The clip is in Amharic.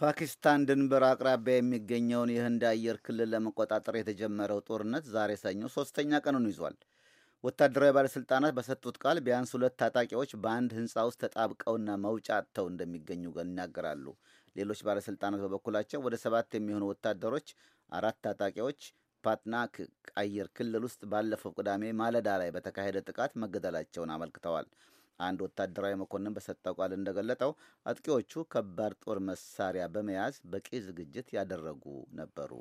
ፓኪስታን ድንበር አቅራቢያ የሚገኘውን የህንድ አየር ክልል ለመቆጣጠር የተጀመረው ጦርነት ዛሬ ሰኞ ሶስተኛ ቀኑን ይዟል። ወታደራዊ ባለሥልጣናት በሰጡት ቃል ቢያንስ ሁለት ታጣቂዎች በአንድ ህንፃ ውስጥ ተጣብቀውና መውጫ አጥተው እንደሚገኙ ይናገራሉ። ሌሎች ባለሥልጣናት በበኩላቸው ወደ ሰባት የሚሆኑ ወታደሮች፣ አራት ታጣቂዎች ፓትናክ አየር ክልል ውስጥ ባለፈው ቅዳሜ ማለዳ ላይ በተካሄደ ጥቃት መገደላቸውን አመልክተዋል። አንድ ወታደራዊ መኮንን በሰጠው ቃል እንደገለጠው አጥቂዎቹ ከባድ ጦር መሳሪያ በመያዝ በቂ ዝግጅት ያደረጉ ነበሩ።